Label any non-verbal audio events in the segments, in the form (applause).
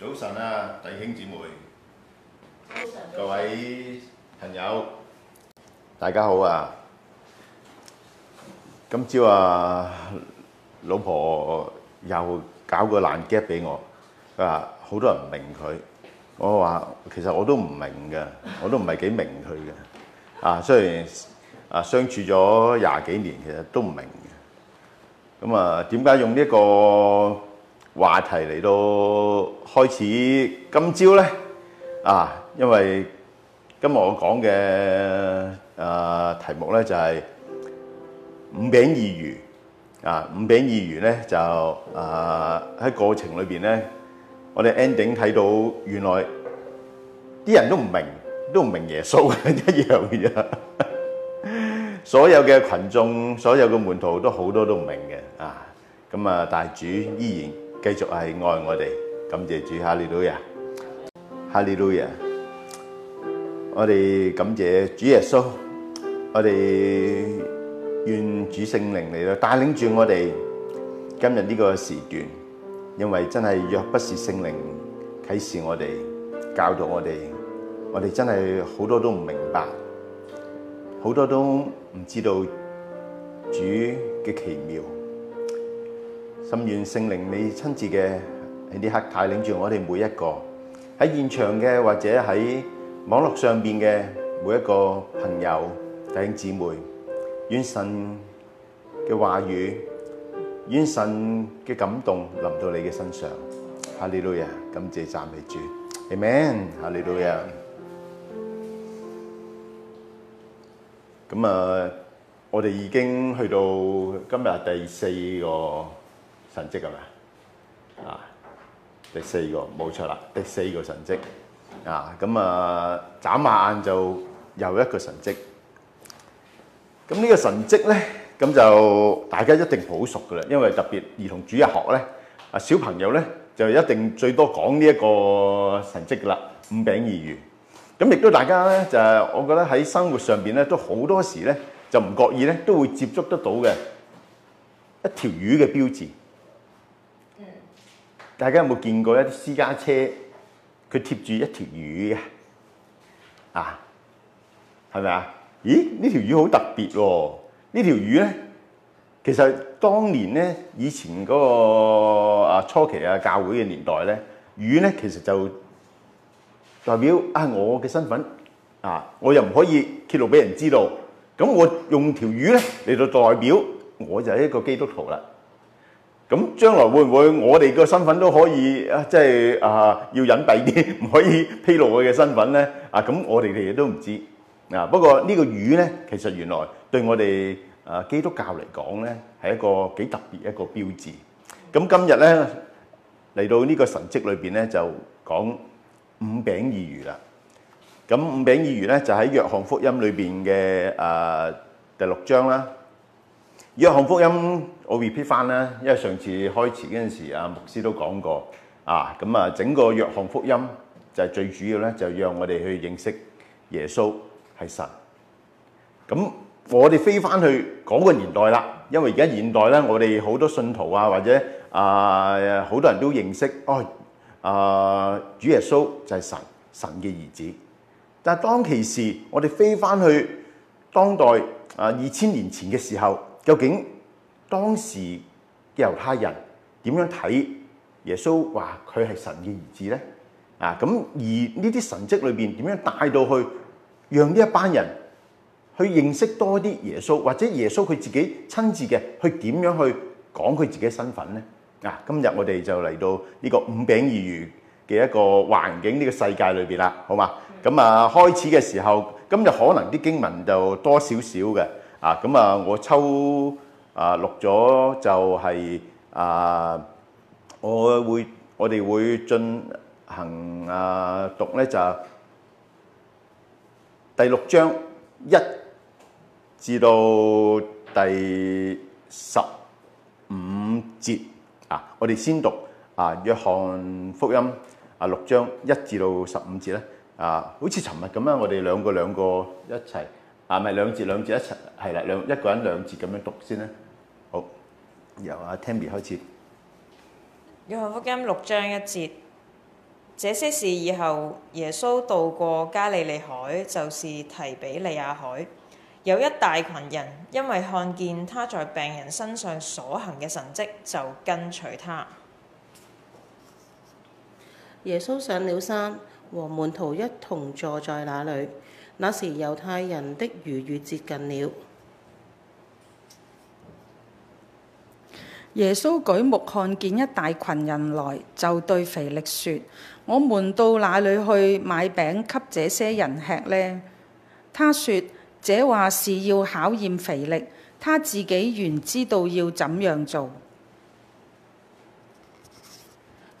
早晨啊，弟兄姊妹，各位朋友，大家好啊！今朝啊，老婆又搞個爛 gag 俾我啊！佢話好多人唔明佢，我話其實我都唔明嘅，我都唔係幾明佢嘅啊。雖然啊，相處咗廿幾年，其實都唔明嘅。咁啊，點解用呢個？話題嚟到開始，今朝咧啊，因為今日我講嘅啊題目咧就係五餅二魚啊，五餅二魚咧就啊喺過程裏邊咧，我哋 ending 睇到原來啲人都唔明，都唔明耶穌一樣嘅啫，所有嘅羣眾，所有嘅門徒都好多都唔明嘅啊，咁啊，但係主依然，繼續係愛我哋，感謝主，哈利路亞，哈利路亞。我哋感謝主耶穌，我哋願主聖靈嚟到帶領住我哋今日呢個時段，因為真係，若不是聖靈啟示我哋，教導我哋，我哋真係好多都唔明白，好多都唔知道主嘅奇妙。甚願聖靈你親自嘅喺呢刻帶領住我哋每一個喺現場嘅，或者喺網絡上邊嘅每一個朋友、弟兄姊妹，願神嘅話語，願神嘅感動臨到你嘅身上。哈利路亞，感謝讚美主。Amen。哈利路亞。咁啊，我哋已經去到今日第四個。神蹟係咪啊？第四個冇錯啦，第四個神蹟啊！咁啊，眨下眼就又一個神蹟。咁呢個神蹟咧，咁就大家一定好熟噶啦，因為特別兒童主日學咧，啊小朋友咧就一定最多講呢一個神蹟噶啦，五餅二魚。咁亦都大家咧就係，我覺得喺生活上邊咧都好多時咧就唔覺意咧都會接觸得到嘅一條魚嘅標誌。大家有冇見過一啲私家車佢貼住一條魚嘅啊？係咪啊？咦？呢條魚好特別喎，啊！呢條魚咧，其實當年咧，以前嗰個啊初期啊教會嘅年代咧，魚咧其實就代表啊我嘅身份啊，我又唔可以揭露俾人知道，咁我用條魚咧嚟到代表我就係一個基督徒啦。咁將來會唔會我哋個身份都可以啊，即係啊要隱蔽啲，唔可以披露佢嘅身份咧？啊，咁我哋哋都唔知啊。不過呢個魚咧，其實原來對我哋啊基督教嚟講咧，係一個幾特別一個標誌。咁今日咧嚟到呢個神蹟裏邊咧，就講五餅二魚啦。咁五餅二魚咧，就喺約翰福音裏邊嘅啊第六章啦。約翰福音，我 repeat 翻啦，因為上次開始嗰陣時，阿牧師都講過啊。咁啊，整個約翰福音就係最主要咧，就係、讓我哋去認識耶穌係神。咁我哋飛翻去嗰個年代啦，因為而家現代咧，我哋好多信徒啊，或者啊好多人都認識，哎啊，啊，主耶穌就係神，神嘅兒子。但係當其時，我哋飛翻去當代啊，二千年前嘅時候。究竟當時嘅猶太人點樣睇耶穌話佢係神嘅兒子呢？啊，咁而呢啲神跡裏邊點樣帶到去，讓呢一班人去認識多啲耶穌，或者耶穌佢自己親自嘅去點樣去講佢自己身份呢？啊，今日我哋就嚟到呢個五餅二魚嘅一個環境呢、呢個世界裏邊啦，好嘛？咁、嗯、啊，開始嘅時候，今日可能啲經文就多少少嘅。.啊，咁啊，我抽啊錄咗就係啊，我會我哋會進行啊讀咧就第六章一至到第十五節啊，我哋先讀啊約翰福音啊六章一至到十五節咧啊，好似尋日咁啊，我哋兩個兩個一齊。啊，咪兩節兩節一齊，係啦，兩一個人兩節咁樣讀先啦。好，由阿 Timmy 開始。約翰福音六章一節：這些事以後耶穌到過加利利海，就是提比利亞海。有一大羣人，因為看見他在病人身上所行嘅神蹟，就跟隨他。耶穌上了山，和門徒一同坐在那裡。那時猶太人的逾越節接近了。耶穌舉目看見一大群人來，就對腓力說：「我們到哪裏去買餅給這些人吃呢？」他說：這話是要考驗腓力，他自己原知道要怎樣做。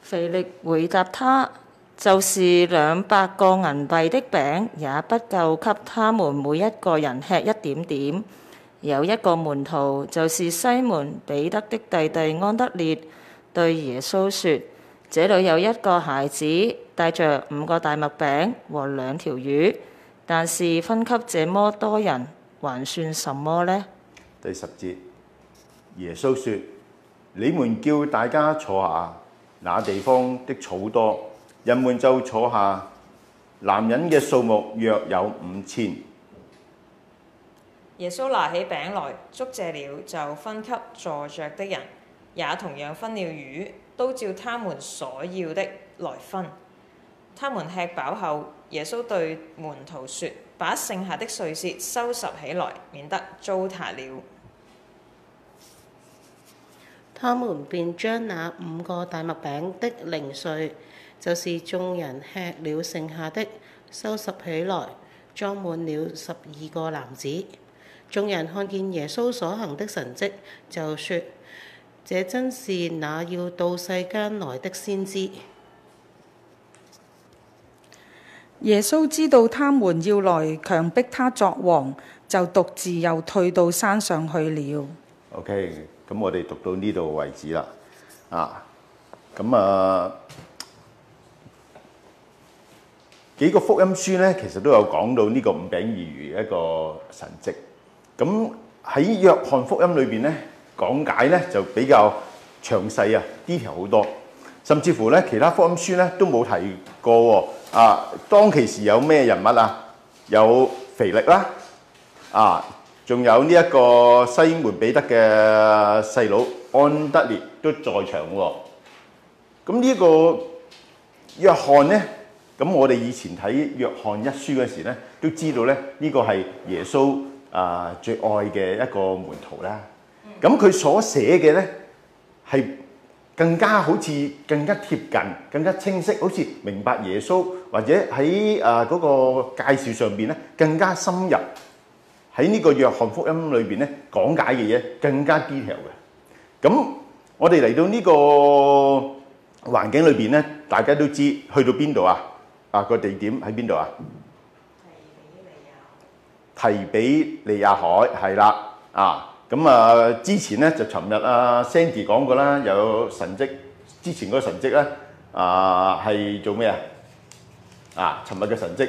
腓力回答他。就是兩百個銀幣的餅也不夠給他們每一個人吃一點點。有一個門徒，就是西門彼得的弟弟安德烈，對耶穌說：這裡有一個孩子帶著五個大麥餅和兩條魚，但是分給這麼多人，還算什麼呢？第十節，耶穌說：你們叫大家坐下，那地方的草多。人們就坐下，男人嘅數目約有五千。耶穌拿起餅來，祝謝了，就分給坐着的人，也同樣分了魚，都照他們所要的來分。他們吃飽後，耶穌對門徒說：把剩下的碎屑收拾起來，免得糟蹋了。他們便將那五個大麥餅的零碎。就是眾人吃了剩下的，收拾起來，裝滿了十二個籃子。眾人看見耶穌所行的神跡，就說：這真是那要到世間來的先知。耶穌知道他們要來強迫他作王，就獨自又退到山上去了。OK，咁我哋讀到呢度為止啦。啊，咁啊。幾個福音書咧，其實都有講到呢個五餅二魚一個神蹟。咁喺約翰福音裏邊咧，講解咧就比較詳細啊，detail 好多。甚至乎咧，其他福音書咧都冇提過。啊，當其時有咩人物啊？有腓力啦，啊，仲有呢一個西門彼得嘅細佬安德烈都在場喎。咁呢個約翰咧？咁我哋以前睇約翰一書嗰時咧，都知道咧呢個係耶穌啊最愛嘅一個門徒啦。咁佢所寫嘅咧係更加好似更加貼近、更加清晰，好似明白耶穌或者喺啊嗰個介紹上邊咧更加深入，喺呢個約翰福音裏邊咧講解嘅嘢更加 detail 嘅。咁我哋嚟到呢個環境裏邊咧，大家都知去到邊度啊？啊！個地點喺邊度啊？提比利亞，提比利亞海係啦。啊，咁啊，之前咧就尋日啊，Sandy 講過啦，有神跡。之前嗰個神跡咧，啊，係做咩啊？啊，尋日嘅神跡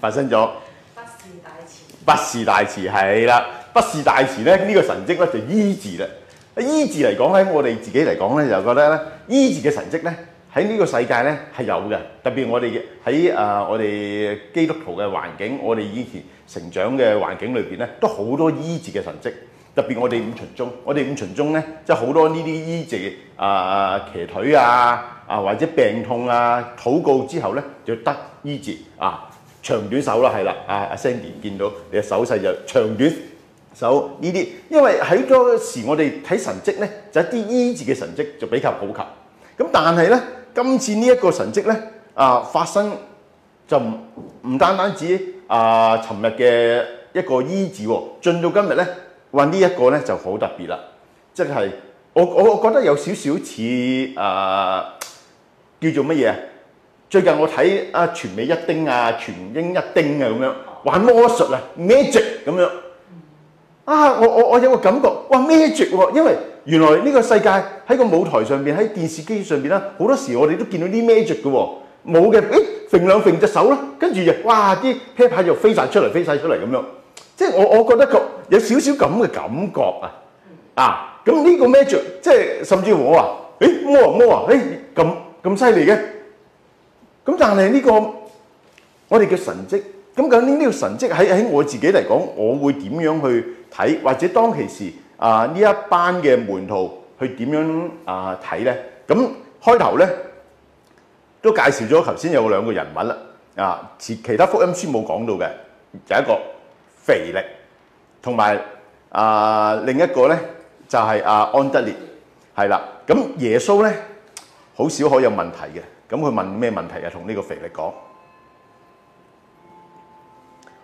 發生咗。不是大詞，不是大詞係啦。不是大詞咧，呢個神跡咧就醫治啦。啊，醫治嚟講咧我哋自己嚟講咧就覺得咧醫治嘅神跡咧。喺呢個世界咧係有嘅，特別我哋喺啊我哋基督徒嘅環境，我哋以前成長嘅環境裏邊咧，都好多醫治嘅神蹟。特別我哋五旬宗，我哋五旬宗咧，即係好多呢啲醫治啊、呃、騎腿啊啊或者病痛啊，禱告之後咧就得醫治啊，長短手啦，係啦，啊阿 Sandy 見到你嘅手勢就長短手呢啲，因為喺嗰時我哋睇神蹟咧，就一啲醫治嘅神蹟就比較普及。咁但係咧。今次這呢一個神跡咧，啊發生就唔唔單單止啊尋日嘅一個醫治，進到今日咧，話呢一個咧就好特別啦，即係我我覺得有少少似啊叫做乜嘢？最近我睇啊全美一叮啊全英一叮啊咁樣玩魔術啊 magic 咁樣。啊！我我我有個感覺，哇！magic 喎，因為原來呢個世界喺個舞台上邊，喺電視機上邊啦，好多時我哋都見到啲 magic 嘅喎，冇嘅，誒，揈兩揈隻手啦，跟住就哇啲啤牌就飛晒出嚟，飛晒出嚟咁樣，即係我我覺得有少少咁嘅感覺啊，啊！咁呢個 magic，即係甚至乎我話，誒摸啊摸啊，誒咁咁犀利嘅，咁但係呢個我哋嘅神蹟，咁究竟呢個神蹟喺喺我自己嚟講，我會點樣去？睇或者當其時啊，呢一班嘅門徒去點樣啊睇咧？咁開頭咧都介紹咗頭先有兩個人物啦。啊，其其他福音書冇講到嘅就一個腓力，同埋啊另一個咧就係啊安德烈，係啦。咁耶穌咧好少可有問題嘅，咁佢問咩問題啊？同呢個腓力講。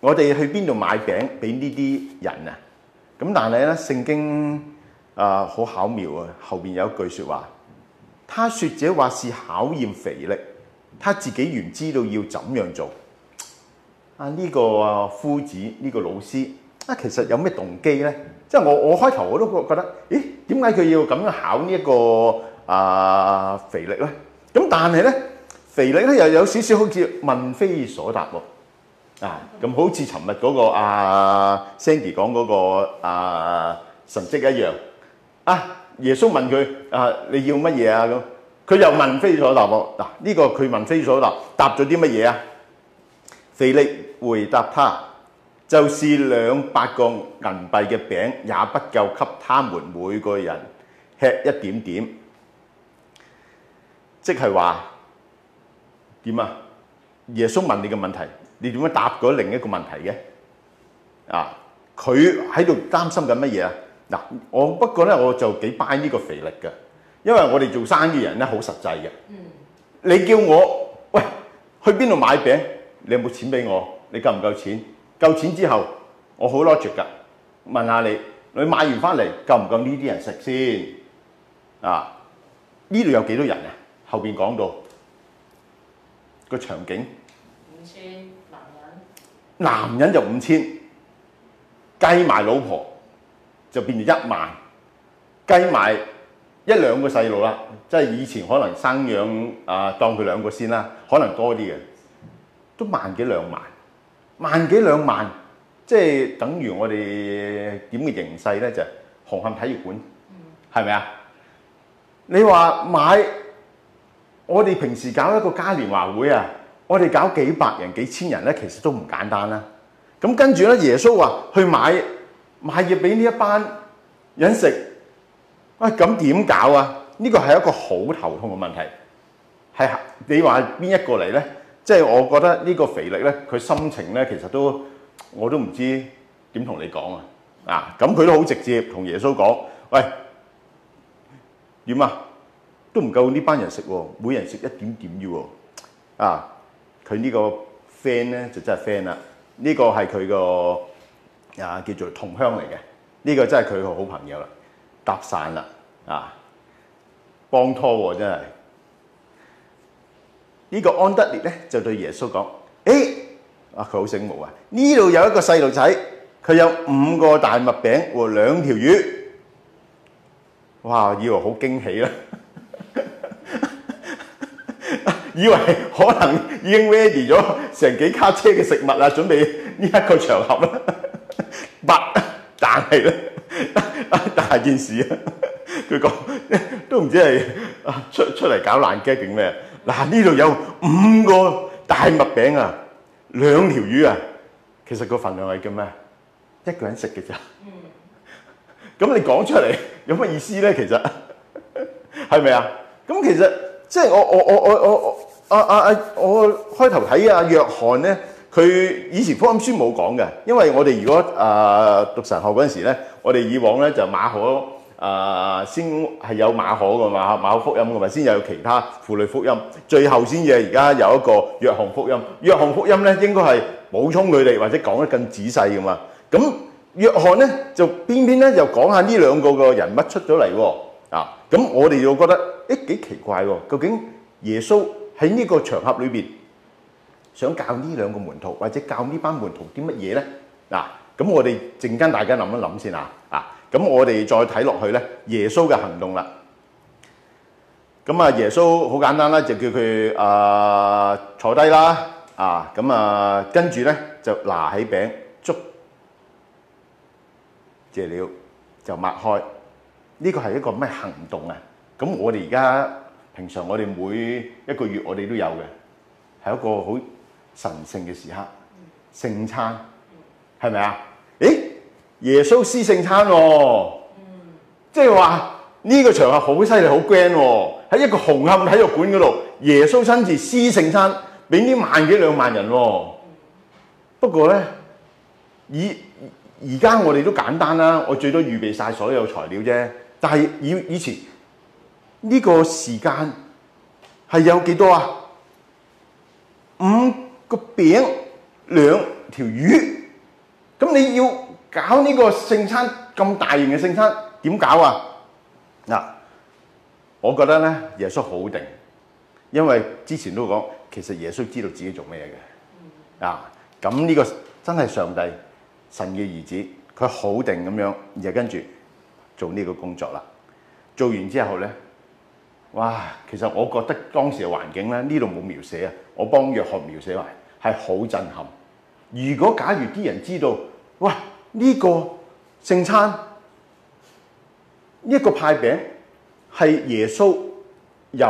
我哋去邊度買餅俾呢啲人啊？咁但係咧，聖經啊好、呃、巧妙啊！後邊有一句説話，他説這話是考驗腓力，他自己原知道要怎樣做。啊、這、呢個夫子呢、這個老師啊，其實有咩動機咧？即係我我開頭我都覺得，咦點解佢要咁樣考呢、這、一個啊腓力咧？咁但係咧，腓力咧又有少少好似問非所答喎。啊！咁好似尋日嗰個阿、啊、Sandy 講嗰、那個、啊、神蹟一樣啊！耶穌問佢啊，你要乜嘢啊？咁佢又問非所納。嗱、啊、呢、這個佢問非所納，答咗啲乜嘢啊？腓力回答他，就是兩百個銀幣嘅餅也不夠給他們每個人吃一點點，即係話點啊？耶穌問你嘅問題。你點樣答嗰另一個問題嘅？啊，佢喺度擔心緊乜嘢啊？嗱，我不過咧我就幾 buy 呢個腓力嘅，因為我哋做生意人咧好實際嘅。嗯。你叫我喂去邊度買餅？你有冇錢俾我？你夠唔夠錢？夠錢之後，我好 logic 㗎，問下你，你買完翻嚟夠唔夠呢啲人食先？啊，呢度有幾多人啊？後邊講到個場景。五千。男人就五千，計埋老婆就變咗一萬，計埋一兩個細路啦，即係以前可能生養啊，當佢兩個先啦，可能多啲嘅，都萬幾兩萬，萬幾兩萬，即係等於我哋點嘅形勢咧，就係紅磡體育館，係咪啊？你話買，我哋平時搞一個嘉年華會啊！我哋搞幾百人、幾千人咧，其實都唔簡單啦。咁跟住咧，耶穌話去買買嘢俾呢一班人食喂，咁點搞啊？呢個係一個好頭痛嘅問題。係你話邊一個嚟咧？即係我覺得呢個肥力咧，佢心情咧，其實都我都唔知點同你講啊。啊，咁佢都好直接同耶穌講：喂，點啊？都唔夠呢班人食喎，每人食一點點要啊。佢呢個 friend 咧就真係 friend 啦，呢個係佢個啊叫做同鄉嚟嘅。呢個真係佢個好朋友啦，搭散啦啊，幫拖喎真係，呢個安德烈咧就對耶穌講：哎，啊佢好醒目啊，呢度有一個細路仔，佢有五個大麥餅和兩條魚，哇，以為好驚喜啦， (laughs) 以為可能。已經 ready 咗成幾卡車嘅食物啦，準備呢一個場合啦。但但係咧，大件事啊，佢講都唔知係出出嚟搞爛 gag 定咩？嗱，呢度有五個大麥餅啊，兩條魚啊，其實個份量係叫咩？一個人食嘅啫。咁你講出嚟有乜意思咧？其實係咪啊？咁其實即係我我我我我。啊啊啊！我開頭睇阿約翰咧，佢以前福音書冇講嘅，因為我哋如果啊讀神學嗰陣時咧，我哋以往咧就馬可啊先係有馬可嘅嘛，馬可福音㗎嘛先有其他符類福音，最後先至而家有一個約翰福音。約翰福音咧應該係補充佢哋或者講得更仔細㗎嘛。咁約翰咧就邊邊咧就講下呢兩個嘅人物出咗嚟喎啊！咁我哋又覺得誒幾奇怪喎，究竟耶穌？喺呢個場合裏邊，想教呢兩個門徒或者教呢班門徒啲乜嘢咧？嗱，咁我哋陣間大家諗一諗先嚇，啊，咁我哋再睇落去咧，耶穌嘅行動啦。咁啊，耶穌好簡單啦，就叫佢啊坐低啦，啊，咁啊跟住咧就拿起餅，祝謝了，就擘開。呢個係一個咩行動啊？咁我哋而家。平常我哋每一個月我哋都有嘅，係一個好神聖嘅時刻，聖餐，係咪啊？誒，耶穌施聖餐喎、哦，即係話呢個場合好犀利，好 grand 喎，喺一個紅磡體育館嗰度，耶穌親自施聖餐，俾呢萬幾兩萬人喎、哦。不過咧，以而家我哋都簡單啦，我最多預備晒所有材料啫。但係以以前，呢、這個時間係有幾多啊？五個餅兩條魚，咁你要搞呢個聖餐咁大型嘅聖餐，點搞啊？嗱，我覺得咧，耶穌好定，因為之前都講，其實耶穌知道自己做咩嘢嘅啊。咁、這、呢個真係上帝神嘅兒子，佢好定咁樣，而跟住做呢個工作啦。做完之後咧。哇！其實我覺得當時嘅環境咧，呢度冇描寫啊，我幫約翰描寫埋，係好震撼。如果假如啲人知道，哇！呢個聖餐，呢個派餅係耶穌又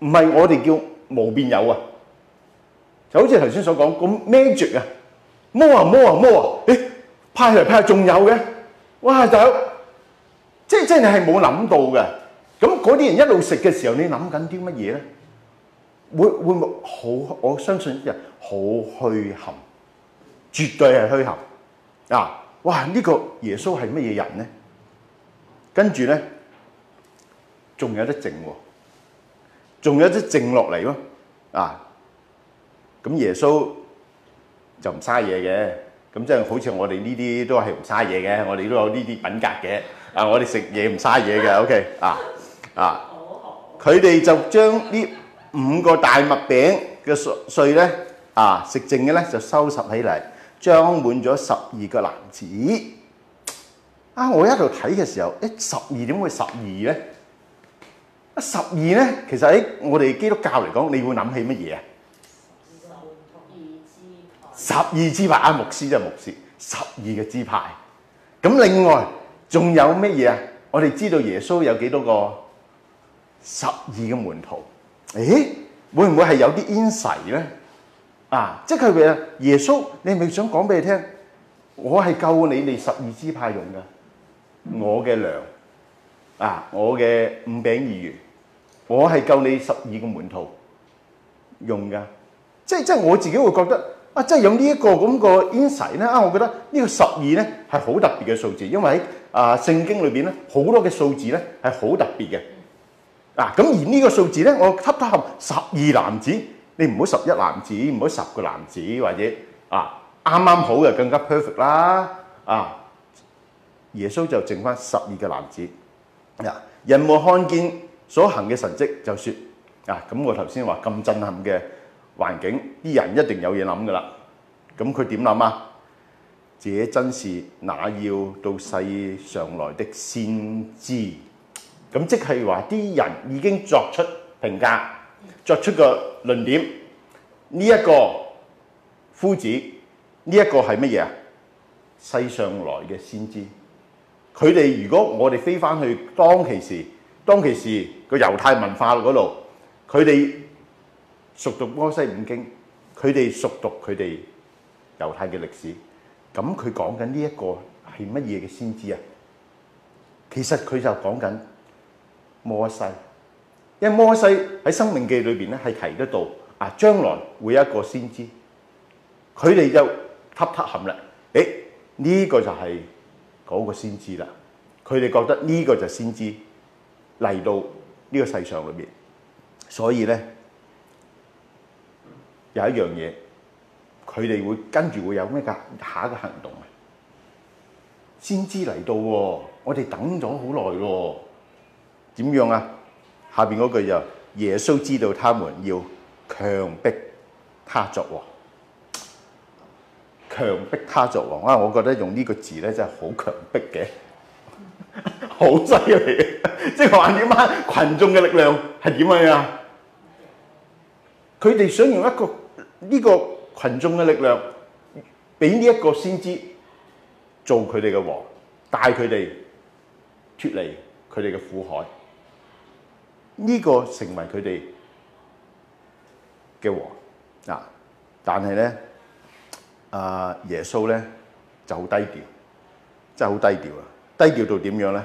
唔係我哋叫無變有啊，就好似頭先所講咁 magic 啊，摸啊摸啊摸啊，誒、欸、派嚟派仲有嘅，哇！大佬，即即係冇諗到嘅。咁嗰啲人一路食嘅時候，你諗緊啲乜嘢咧？會會唔會好？我相信啲人好虛恆，絕對係虛恆。啊！哇！呢個耶穌係乜嘢人咧？跟住咧，仲有得剩喎，仲有得剩落嚟咯。啊！咁耶穌就唔嘥嘢嘅，咁即係好似我哋呢啲都係唔嘥嘢嘅，我哋都有呢啲品格嘅。啊，我哋食嘢唔嘥嘢嘅，OK 啊。啊！佢哋就將呢五個大麥餅嘅碎咧，啊，食剩嘅咧就收拾起嚟，裝滿咗十二個籃子。啊！我一路睇嘅時候，誒十二點會十二咧？啊十二咧，其實喺我哋基督教嚟講，你會諗起乜嘢啊？十二支派，十二支派啊！牧師就係牧師，十二嘅支派。咁另外仲有乜嘢啊？我哋知道耶穌有幾多個？十二個門徒，誒會唔會係有啲恩賜咧？啊，即係佢話耶穌，你係咪想講俾你聽，我係夠你哋十二支派用嘅，嗯，我嘅糧啊，我嘅五餅二魚，我係夠你十二個門徒用嘅，即係即係我自己會覺得啊，即係用、這個這個、呢一個咁個恩賜咧啊，我覺得呢個十二咧係好特別嘅數字，因為喺啊聖經裏邊咧好多嘅數字咧係好特別嘅。嗱，咁而呢個數字咧，我吸得合十二男子，你唔好十一男子，唔好十個男子，或者啊啱啱好嘅更加 perfect 啦。啊，耶穌就剩翻十二個男子。嗱，人們看見所行嘅神跡，就説啊，咁我頭先話咁震撼嘅環境，啲人一定有嘢諗噶啦。咁佢點諗啊？這真是那要到世上來的先知。咁即係話啲人已經作出評價，作出個論點。呢一個夫子，呢一個係乜嘢啊？世上來嘅先知。佢哋，如果我哋飛翻去當其時，當其時個猶太文化嗰度，佢哋熟讀摩西五經，佢哋熟讀佢哋猶太嘅歷史，咁佢講緊呢一個係乜嘢嘅先知啊？其實佢就講緊。摩西，因為摩西喺《申命記》裏邊咧，係提得到啊，將來會有一個先知，佢哋就忐忑含啦。誒、欸，呢、這個就係嗰個先知啦，佢哋覺得呢個就先知嚟到呢個世上裏邊，所以咧有一樣嘢，佢哋會跟住會有咩嘅下一個行動啊？先知嚟到，我哋等咗好耐喎。點樣啊？下邊嗰句就耶穌知道他們要強逼他作王，強逼他作王。哇！我覺得用呢個字咧真係好強逼嘅，好犀利。即係話點啊？群眾嘅力量係點樣呀？佢哋想用一個呢個群眾嘅力量，俾呢一個先知做佢哋嘅王，帶佢哋脫離佢哋嘅苦海。呢個成為佢哋嘅王嗱，但係咧，啊耶穌咧就好低調，真係好低調啊！低調到點樣咧？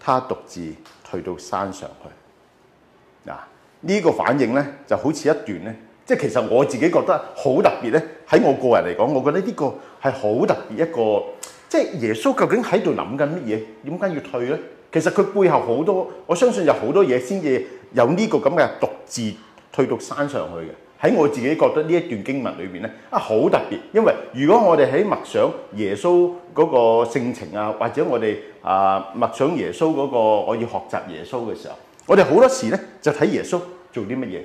他獨自退到山上去嗱，呢個反應咧就好似一段咧，即係其實我自己覺得好特別咧。喺我個人嚟講，我覺得呢個係好特別一個，即係耶穌究竟喺度諗緊乜嘢？點解要退咧？其實佢背後好多，我相信有好多嘢先至有呢個咁嘅獨自退到山上去嘅。喺我自己覺得呢一段經文裏面咧，啊好特別，因為如果我哋喺默想耶穌嗰個性情啊，或者我哋啊默想耶穌嗰個我要學習耶穌嘅時候，我哋好多時咧就睇耶穌做啲乜嘢。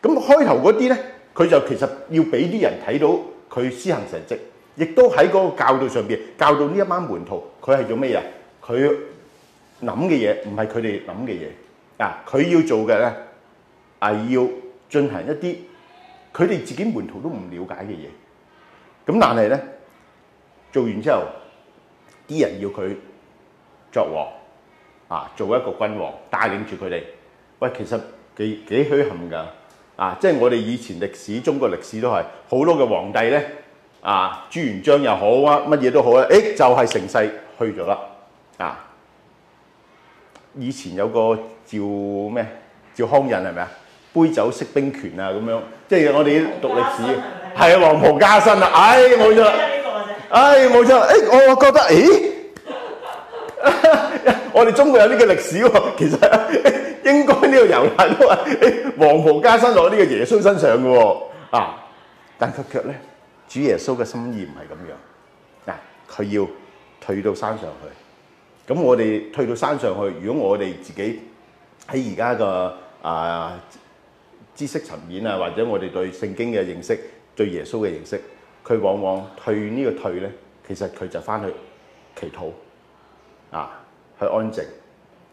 咁開頭嗰啲咧，佢就其實要俾啲人睇到佢施行神蹟，亦都喺嗰個教導上邊教導呢一班門徒佢係做咩嘢，佢諗嘅嘢唔係佢哋諗嘅嘢啊！佢要做嘅咧係要進行一啲佢哋自己門徒都唔了解嘅嘢。咁但係咧做完之後，啲人要佢作王啊，做一個君王，帶領住佢哋。喂，其實幾幾虛陷㗎啊！即係我哋以前歷史中國歷史都係好多嘅皇帝咧啊，朱元璋又好，什麼好，哎就是、啊，乜嘢都好啊，誒就係成世去咗啦啊！以前有個趙咩？趙匡胤係咪啊？杯酒釋兵權啊，咁樣即係我哋讀歷史，係啊，黃袍加身啊，唉，冇錯啦，唉，冇錯啦，誒，我覺得，誒，我哋中國有呢個歷史喎，其實應該呢個由來都係黃袍加身落喺呢個耶穌身上嘅喎，啊，但佢卻咧，主耶穌嘅心意唔係咁樣，嗱，佢要退到山上去。咁我哋退到山上去，如果我哋自己喺而家個啊知識層面啊，或者我哋對聖經嘅認識、對耶穌嘅認識，佢往往退呢個退呢，其實佢就翻去祈禱啊，去安靜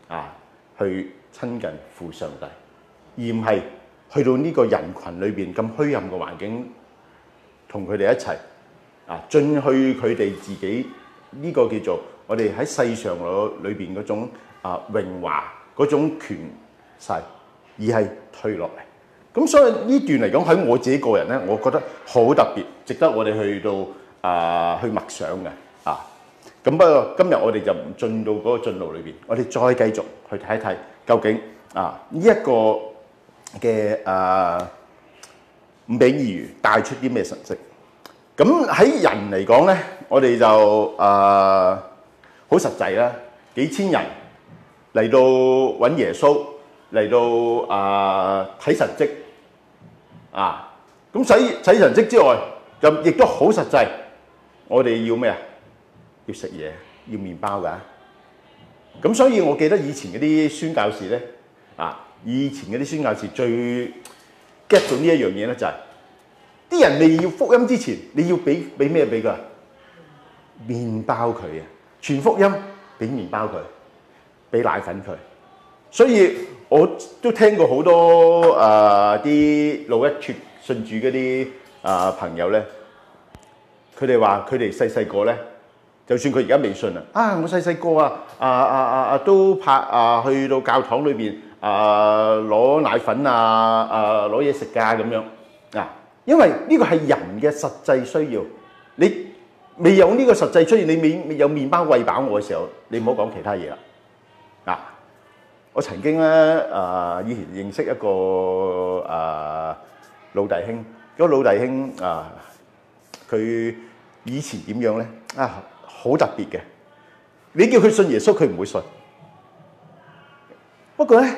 啊，去親近父上帝，而唔係去到呢個人群裏邊咁虛暗嘅環境，同佢哋一齊啊，進去佢哋自己呢、這個叫做。我哋喺世上個裏邊嗰種啊榮華嗰種權勢，而係退落嚟咁，所以呢段嚟講喺我自己個人咧，我覺得好特別，值得我哋去到啊去默想嘅啊。咁不過今日我哋就唔進到嗰個進路裏邊，我哋再繼續去睇睇究竟啊呢一個嘅誒五餅二魚帶出啲咩神蹟？咁喺人嚟講咧，我哋就誒。好實際啦，幾千人嚟到揾耶穌，嚟到啊睇、呃、神跡啊！咁睇睇神跡之外，就亦都好實際。我哋要咩啊？要食嘢，要麵包㗎。咁所以我記得以前嗰啲宣教士咧啊，以前嗰啲宣教士最 get 到呢一樣嘢咧，就係、是、啲人你要福音之前，你要俾俾咩俾佢？麵包佢啊！全福音俾麵包佢，俾奶粉佢，所以我都聽過好多啊啲老一脫信主嗰啲啊朋友咧，佢哋話佢哋細細個咧，就算佢而家未信啊，啊我細細個啊啊啊啊都怕啊去到教堂裏邊啊攞奶粉啊啊攞嘢食㗎咁樣啊，因為呢個係人嘅實際需要，你。未有呢個實際出現，你面未有麵包餵飽我嘅時候，你唔好講其他嘢啦。啊，我曾經咧誒以前認識一個誒老弟兄，嗰老弟兄啊，佢以前點樣咧？啊，好特別嘅，你叫佢信耶穌，佢唔會信。不過咧，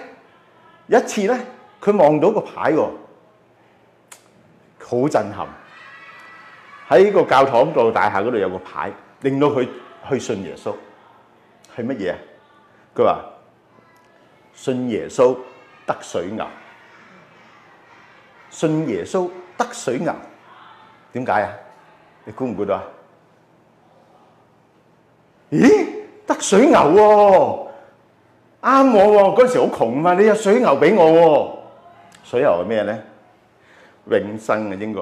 有一次咧，佢望到個牌喎，好震撼。喺個教堂嘅大廈嗰度有個牌，令到佢去信耶穌，係乜嘢啊？佢話信耶穌得水牛，信耶穌得水牛，點解啊？你估唔估到啊？咦，得水牛喎，啱我喎，嗰時好窮嘛，你有水牛俾我喎，水牛係咩咧？永生嘅應該。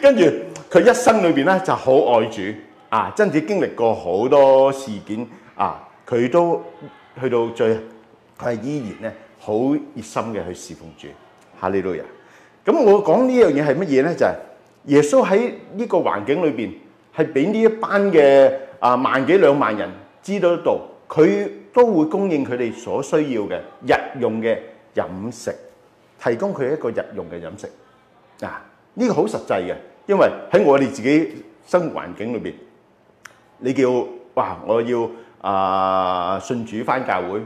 跟住佢一生裏邊咧，就好愛主啊！真係經歷過好多事件啊，佢都去到最，佢係依然咧好熱心嘅，去侍奉主。哈利路亞，咁我講呢樣嘢係乜嘢咧？就係耶穌喺呢個環境裏邊，係俾呢一班嘅啊萬幾兩萬人知道到，佢都會供應佢哋所需要嘅日用嘅飲食，提供佢一個日用嘅飲食啊！呢個好實際嘅。因為喺我哋自己生活環境裏邊，你叫哇，我要啊信主翻教會，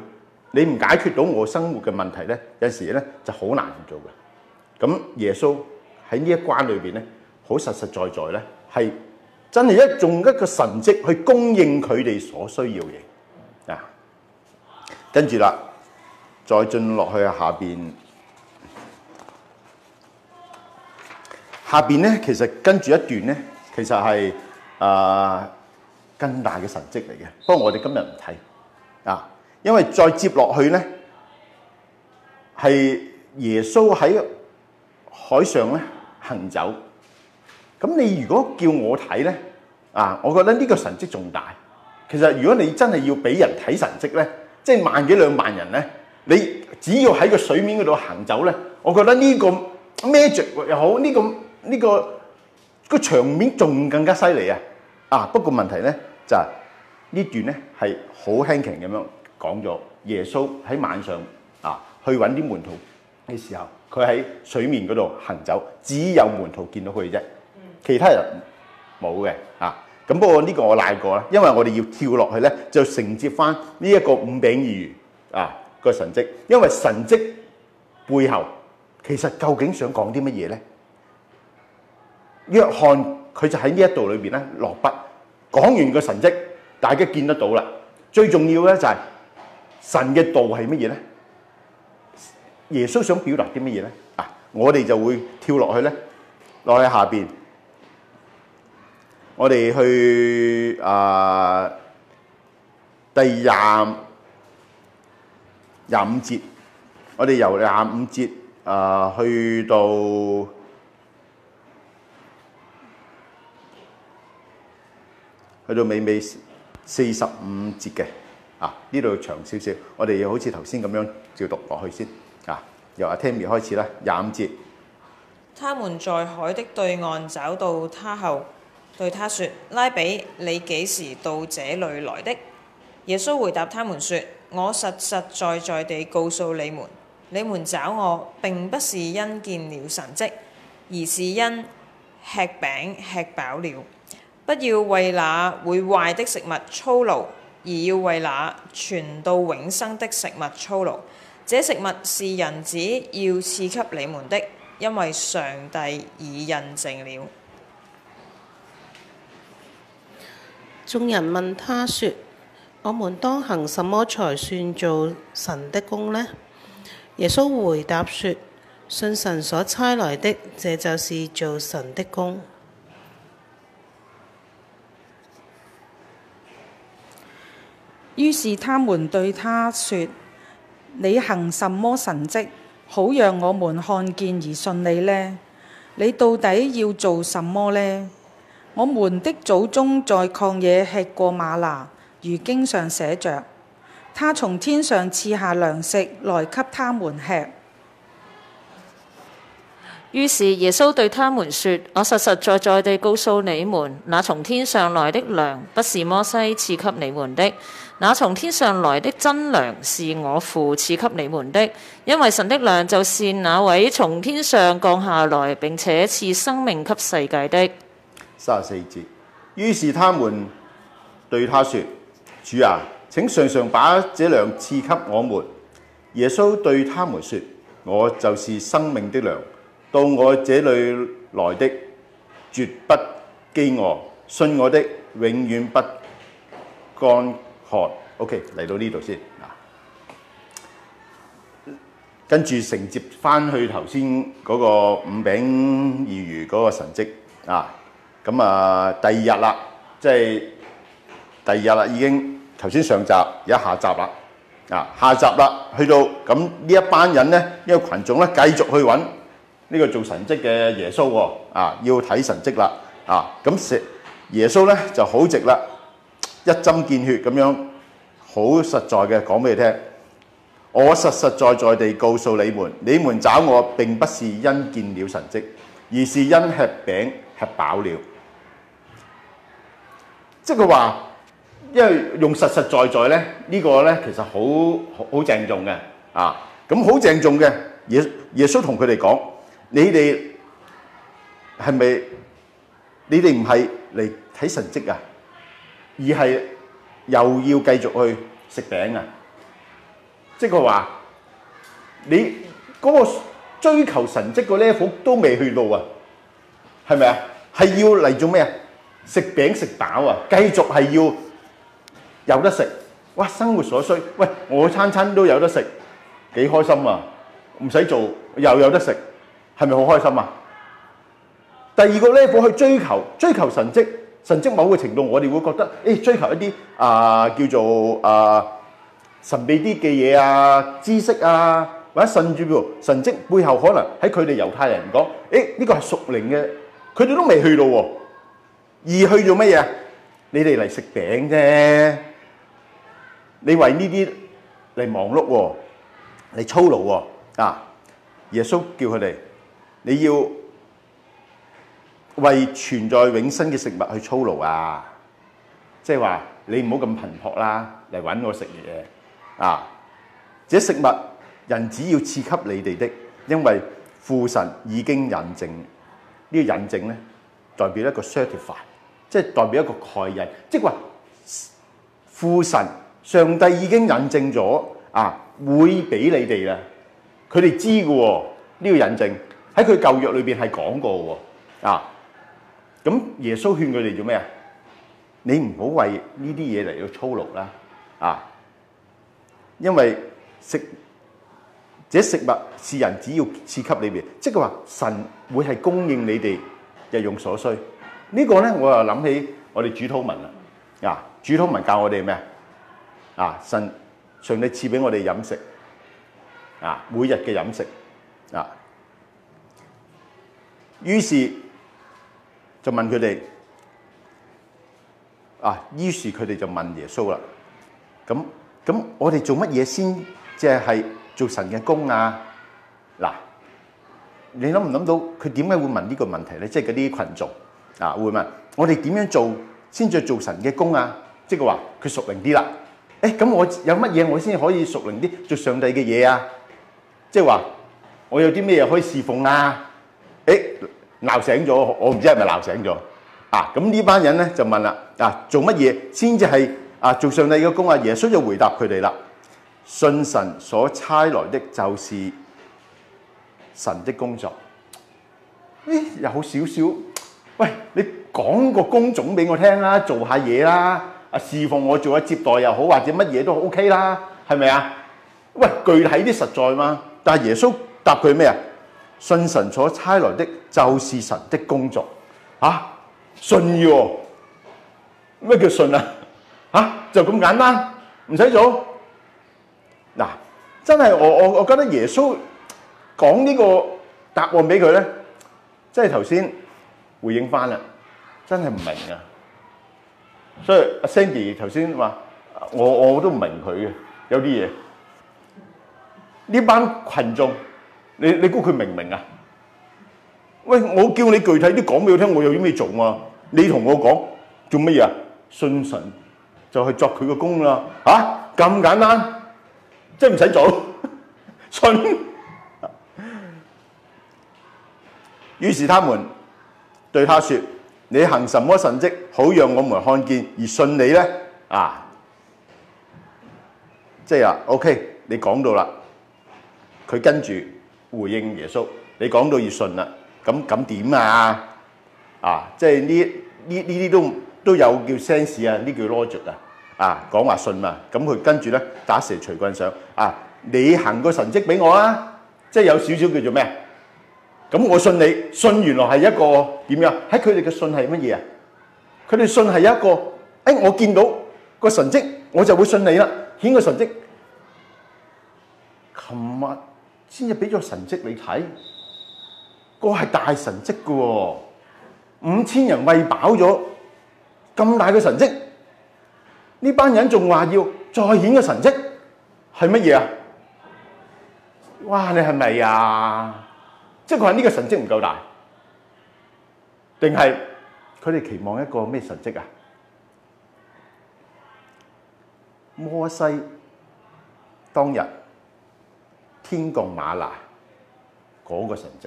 你唔解決到我生活嘅問題咧，有陣時咧就好難做嘅。咁耶穌喺呢一關裏邊咧，好實實在在咧，係真係一用一個神蹟去供應佢哋所需要嘅嘢啊。跟住啦，再進落去下邊。下面咧，其實跟住一段咧，其實係、呃、更大嘅神跡嚟嘅。不過我哋今日唔睇啊，因為再接落去咧係耶穌喺海上咧行走。咁你如果叫我睇咧啊，我覺得呢個神跡仲大。其實如果你真係要俾人睇神跡咧，即係萬幾兩萬人咧，你只要喺個水面嗰度行走咧，我覺得呢個 magic 又好呢、呢個。呢、這個個場面仲更加犀利啊！啊，不過問題咧就係呢段咧係好輕輕咁樣講咗耶穌喺晚上啊去揾啲門徒嘅時候，佢喺水面嗰度行走，只有門徒見到佢啫、嗯，其他人冇嘅啊！咁不過呢個我賴過啦，因為我哋要跳落去咧，就承接返呢一個五餅二魚啊個神蹟，因為神蹟背後其實究竟想講啲乜嘢咧？約翰佢就喺呢一度裏邊咧落筆，講完個神蹟，大家見得到啦。最重要咧就係神嘅道係乜嘢咧？耶穌想表達啲乜嘢咧？啊，我哋就會跳落去咧，落去下邊，我哋去啊第二廿廿五節，我哋由廿五節啊去到。去到尾尾四十五節嘅啊，呢度長少少，我哋又好似頭先咁樣照讀落去先啊，由阿 Timmy 開始啦，廿五節。他們在海的對岸找到他後，對他說：拉比，你幾時到這裏來的？耶穌回答他們說：我實實在在地告訴你們，你們找我並不是因見了神蹟，而是因吃餅吃飽了。不要為那會壞的食物操勞，而要為那存到永生的食物操勞。這食物是人子要賜給你們的，因為上帝已印證了。眾人問他說：我們當行什麼才算做神的工呢？耶穌回答說：信神所差來的，這就是做神的工。」於是他們對他說：“你行什麼神蹟，好讓我們看見而信你呢？你到底要做什麼呢？我們的祖宗在曠野吃過嗎哪，如經上寫着：“他從天上賜下糧食來給他們吃。於是耶穌對他們說：我實實在在地告訴你們，那從天上來的糧不是摩西賜給你們的，那從天上來的真糧是我父賜給你們的。因為神的糧就是那位從天上降下來並且賜生命給世界的。三十四節。於是他們對他說：主啊，請常常把這糧賜給我們。耶穌對他們說：我就是生命的糧。到我這裏來的，絕不飢餓；信我的，永遠不乾渴。OK，嚟到呢度先嗱，跟住承接翻去頭先嗰個五餅二魚嗰個神跡啊。咁啊，第二日啦，即係第二日啦，已經頭先上集而家下集啦，啊下集啦，去到咁呢一班人咧，呢個羣眾咧，繼續去揾。呢個做神蹟嘅耶穌喎啊，要睇神蹟啦啊！咁神耶穌咧就好直啦，一針見血咁樣好實在嘅講俾你聽。我實實在在地告訴你們，你們找我並不是因見了神蹟，而是因吃餅吃飽了。即係佢話，因為用實實在在咧呢個咧，其實好好鄭重嘅啊。咁好鄭重嘅，耶耶穌同佢哋講。你哋係咪？你哋唔係嚟睇神蹟啊，而係又要繼續去食餅啊！即係話你嗰個追求神蹟個 level 都未去到啊，係咪啊？係要嚟做咩啊？食餅食飽啊，繼續係要有得食。哇！生活所需，喂，我餐餐都有得食，幾開心啊！唔使做又有得食。係咪好開心啊？第二個咧，我去追求追求神蹟，神蹟某個程度，我哋會覺得，誒追求一啲啊叫做啊神秘啲嘅嘢啊，知識啊，或者甚至乎神蹟背後可能喺佢哋猶太人講，誒呢個係屬靈嘅，佢哋都未去到喎。而去做乜嘢？你哋嚟食餅啫，你為呢啲嚟忙碌喎，你操勞喎啊！耶穌叫佢哋。你要為存在永生嘅食物去操勞啊！即係話你唔好咁頻撲啦，嚟揾我食嘢啊！這食物人子要賜給你哋的，因為父神已經引證，證呢個引證咧，代表一個 certify，即係代表一個蓋印，即係話父神上帝已經引證咗啊，會俾你哋啦。佢哋知嘅喎呢個引證。喺佢舊約裏邊係講過喎，啊，咁耶穌勸佢哋做咩啊？你唔好為呢啲嘢嚟到操勞啦，啊，因為食，這食物是人只要賜給你哋，即係話神會係供應你哋日用所需。呢個咧，我又諗起我哋主禱文啦，啊，主禱文教我哋咩啊？啊，神，上帝賜俾我哋飲食，啊，每日嘅飲食，啊。於是就問佢哋啊，於是佢哋就問耶穌啦。咁咁，我哋做乜嘢先即係做神嘅工啊？嗱，你諗唔諗到佢點解會問呢個問題咧？即係嗰啲羣眾啊，會問我哋點樣做先至做神嘅工啊？即係話佢熟練啲啦。誒，咁我有乜嘢我先可以屬靈啲做上帝嘅嘢啊？即係話我有啲咩嘢可以侍奉啊？哎，鬧醒咗，我唔知係咪鬧醒咗啊？咁呢班人咧就問啦，啊，做乜嘢先至係啊做上帝嘅工啊？耶穌就回答佢哋啦，信神所差來的，就是神的工作。哎，又好少少，喂，你講個工種俾我聽啦，做下嘢啦，啊，侍奉我做下接待又好，或者乜嘢都 OK 啦，係咪啊？喂，具體啲實在嘛？但係耶穌答佢咩啊？信神所差來的，就是神的工作，啊，信，要咩叫信啊？啊，就咁簡單，唔使做。嗱、啊，真係我我我覺得耶穌講呢個答案俾佢咧，即係頭先回應翻啦，真係唔明啊！所以阿 Sandy 頭先話，我我都唔明佢嘅有啲嘢呢班群眾。你你估佢明唔明啊？喂，我叫你具體啲講俾我聽，我有啲咩做啊？你同我講做乜嘢啊？信神就去作佢嘅功啦，吓咁簡單，即係唔使做，信。於是他們對他說：你行什麼神跡，好讓我們看見而信你咧？啊，即係啊，OK，你講到啦，佢跟住。回應耶穌，你講到要信啦，咁咁點啊？啊，即係呢呢呢啲都都有叫 sense 啊，呢叫 logic 啊，啊，講話信嘛，咁佢跟住咧，打蛇隨棍上，啊，你行個神蹟俾我啊，即係有少少叫做咩？咁我信你，信原來係一個點樣？喺佢哋嘅信係乜嘢啊？佢哋信係一個，哎，我見到個神蹟，我就會信你啦，顯個神蹟，琴日。先至畀咗神蹟你睇，個係大神蹟㗎喎，五千人餵飽咗，咁大嘅神蹟，呢班人仲話要再顯個神蹟，係乜嘢啊？哇！你係咪啊？即係佢話呢個神蹟唔夠大，定係佢哋期望一個咩神蹟啊？摩西當日。天降嗎哪嗰個神跡，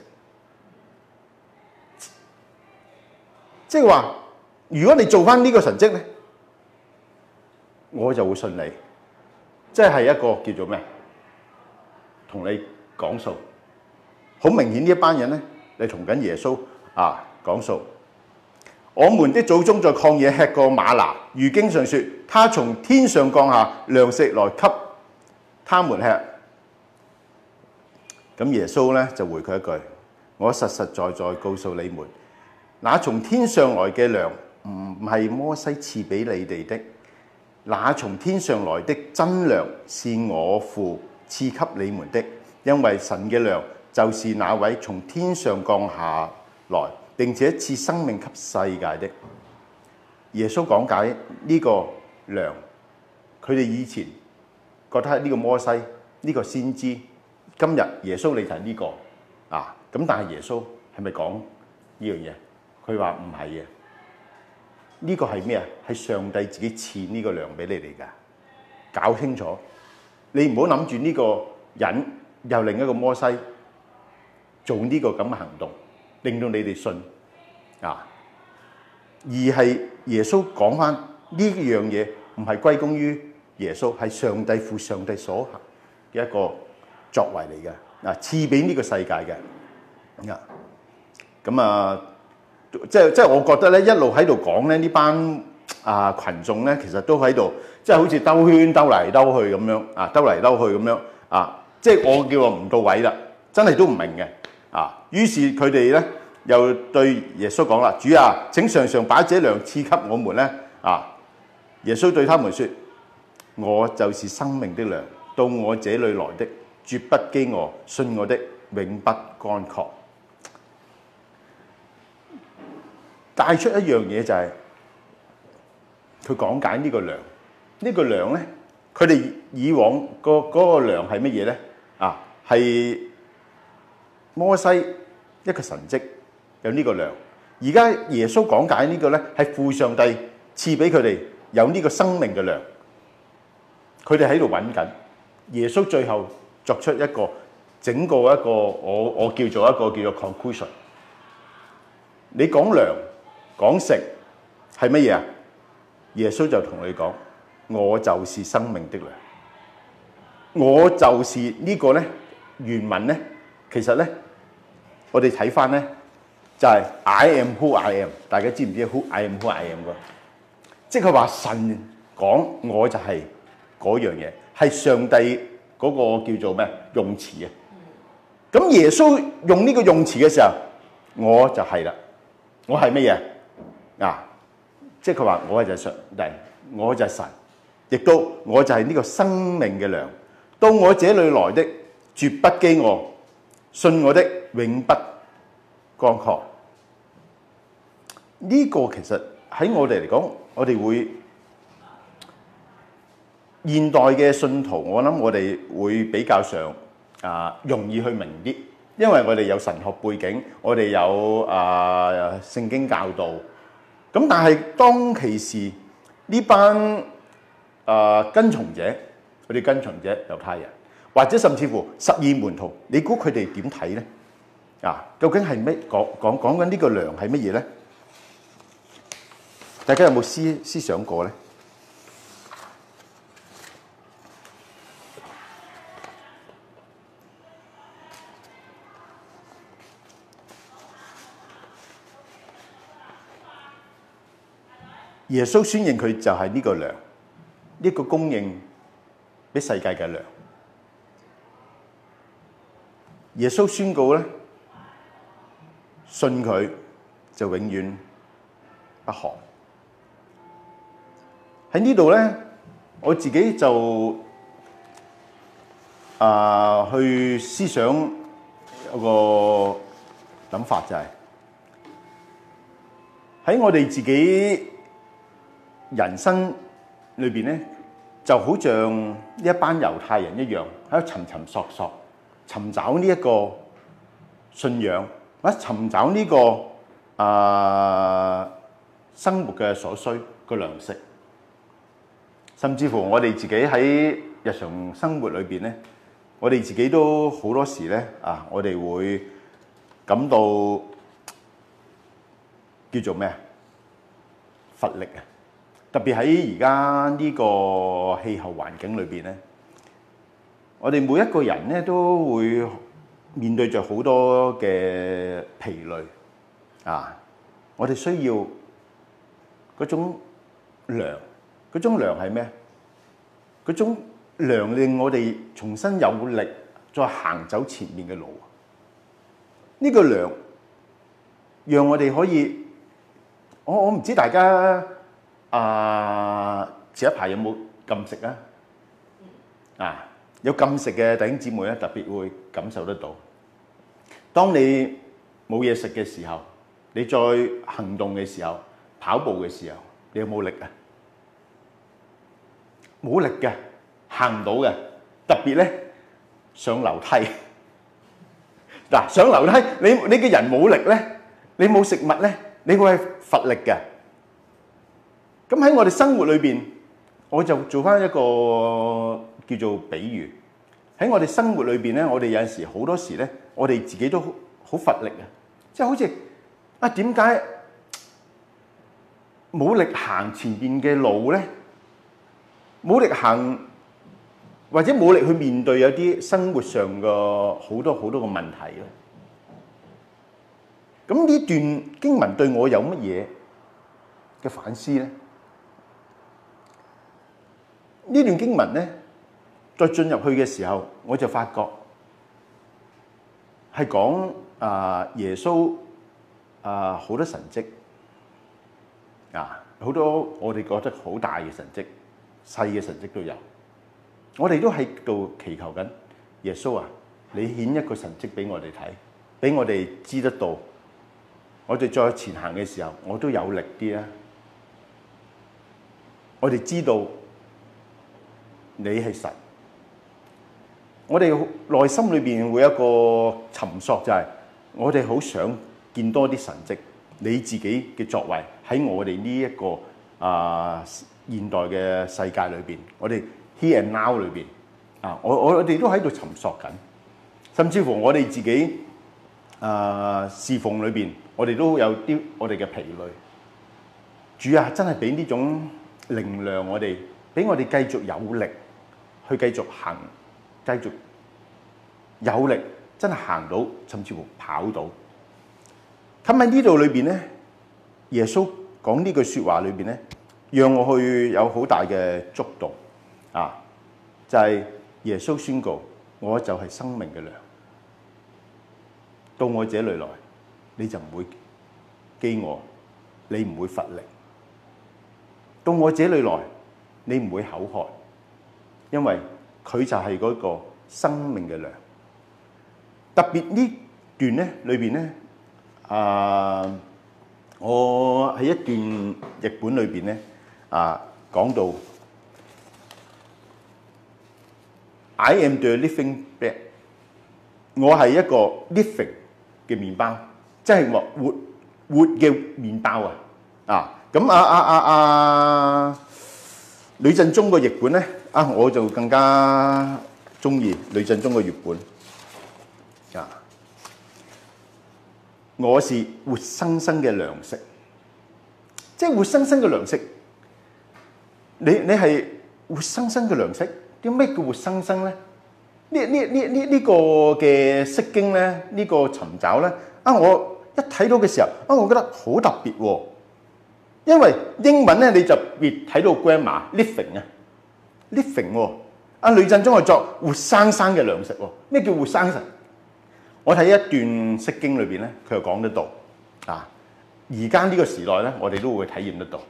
即係話，如果你做返呢個神跡咧，我就會信你。即係一個叫做咩，同你講數。好明顯呢一班人咧，你同緊耶穌啊講數。我們的祖宗在曠野吃過嗎哪，如經上說，他從天上降下糧食來給他們吃。咁耶穌咧就回佢一句：我實實在在告訴你們，那從天上來嘅糧唔係摩西賜俾你哋的，那從天上來的真糧是我父賜給你們的，因為神嘅糧就是那位從天上降下來並且賜生命給世界的。耶穌講解呢個糧，佢哋以前覺得係呢個摩西呢個先知。今日耶穌你就係呢個啊，咁但係耶穌係咪講呢樣嘢？佢話唔係嘅，呢個係咩啊？係上帝自己賜呢個糧俾你哋噶，搞清楚。你唔好諗住呢個人又另一個摩西做呢個咁嘅行動，令到你哋信啊。而係耶穌講翻呢樣嘢，唔係歸功於耶穌，係上帝付上帝所行嘅一個。作為嚟嘅啊，賜俾呢個世界嘅。咁啊，即係即係，我覺得咧，一路喺度講咧，呢班啊羣眾咧，其實都喺度，即係好似兜圈兜嚟兜去咁樣啊，兜嚟兜去咁樣啊，即係我叫我唔到位啦，真係都唔明嘅啊。於是佢哋咧又對耶穌講啦：主啊，請常常把這糧賜給我們咧啊。耶穌對他們説：我就是生命的糧，到我這裏來的。絕不飢餓，信我的永不乾涸。帶出一樣嘢就係佢講解呢個糧，呢個糧咧，佢哋以往個嗰個糧係乜嘢咧？啊，係摩西一個神蹟有呢個糧。而家耶穌講解呢個咧，係父上帝賜俾佢哋有呢個生命嘅糧。佢哋喺度揾緊，耶穌最後。作出一個整個一個我我叫做一個叫做 conclusion。你講糧講食係乜嘢啊？耶穌就同你講：我就是生命的糧。我就是呢個咧，原文咧，其實咧，我哋睇翻咧，就係 I am who I am。大家知唔知 who I am who I am 㗎？即係話神講我就係嗰樣嘢，係上帝。嗰個叫做咩用詞啊？咁耶穌用呢個用詞嘅時候，我就係啦，我係乜嘢啊？即係佢話我係就係上帝，我就係神，亦都我就係呢個生命嘅糧。到我這裏來的，絕不飢餓；信我的，永不乾渴。呢個其實喺我哋嚟講，我哋會。現代嘅信徒，我諗我哋會比較上啊容易去明啲，因為我哋有神學背景，我哋有啊，啊聖經教導。咁但係當其時呢班啊跟從者，嗰啲跟從者猶太人，或者甚至乎十二門徒，你估佢哋點睇咧？啊，究竟係咩講講講緊呢個糧係乜嘢咧？大家有冇思思想過咧？耶穌宣認佢就係呢個糧，呢個供應俾世界嘅糧。耶穌宣告咧，信佢就永遠不渴。喺呢度咧，我自己就啊去思想有個諗法就係喺我哋自己。人生裏邊咧，就好像一班猶太人一樣，喺度尋尋索索，尋找呢一個信仰，或者，尋找呢個啊生活嘅所需個糧食。甚至乎我哋自己喺日常生活裏邊咧，我哋自己都好多時咧啊，我哋會感到叫做咩啊？乏力啊！特別喺而家呢個氣候環境裏邊咧，我哋每一個人咧都會面對着好多嘅疲累啊！我哋需要嗰種糧，嗰種糧係咩？嗰種糧令我哋重新有力再行走，走前面嘅路。呢個糧讓我哋可以，我我唔知大家。啊！前一排有冇禁食啊？啊，有禁食嘅弟兄姊妹咧，特別會感受得到。當你冇嘢食嘅時候，你再行動嘅時候，跑步嘅時候，你有冇力啊？冇力嘅，行唔到嘅。特別咧，上樓梯。嗱，上樓梯，你你嘅人冇力咧，你冇食物咧，你會係乏力嘅。咁喺我哋生活裏邊，我就做翻一個叫做比喻。喺我哋生活裏邊咧，我哋有陣時好多時咧，我哋自己都好乏力啊！即係好似啊，點解冇力行前面嘅路咧？冇力行，或者冇力去面對有啲生活上嘅好多好多嘅問題咧？咁呢段經文對我有乜嘢嘅反思咧？呢段經文咧，再進入去嘅時候，我就發覺係講啊耶穌啊好多神蹟啊，好多我哋覺得好大嘅神蹟，細嘅神蹟都有。我哋都喺度祈求緊耶穌啊，你顯一個神蹟俾我哋睇，俾我哋知得到，我哋再前行嘅時候，我都有力啲啊！我哋知道。你係神，我哋內心裏邊會有一個尋索，就係我哋好想見多啲神跡。你自己嘅作為喺我哋呢一個啊現代嘅世界裏邊，我哋 here and now 裏邊啊，我我我哋都喺度尋索緊，甚至乎我哋自己啊侍奉裏邊，我哋都有啲我哋嘅疲累。主啊，真係俾呢種靈糧，我哋，俾我哋繼續有力。去繼續行，繼續有力，真係行到，甚至乎跑到。咁喺呢度裏邊咧，耶穌講呢句説話裏邊咧，讓我去有好大嘅觸動啊！就係耶穌宣告：我就係生命嘅糧，到我這裏來，你就唔會飢餓，你唔會乏力；到我這裏來，你唔會口渴。因為佢就係嗰個生命嘅糧，特別呢段咧裏邊咧，啊，我喺一段譯本裏邊咧，啊，講到 I am the living bread，我係一個 living 嘅麵包，即係話活活嘅麵包啊，啊，咁啊啊啊啊，呂振中個譯本咧。啊！我就更加中意呂振中嘅譯本。啊！我是活生生嘅糧食，即係活生生嘅糧食。你你係活生生嘅糧食？點咩叫活生生咧？呢呢呢呢呢個嘅釋經咧，呢個尋找咧。啊！我一睇到嘅時候，啊！我覺得好特別喎。因為英文咧，你就別睇到 grammar living 啊。living 喎，阿呂振中係作活生生嘅糧食喎。咩叫活生生？我睇一段裡面《食經》裏邊咧，佢又講得到。啊，而家呢個時代咧，我哋都會體驗得到。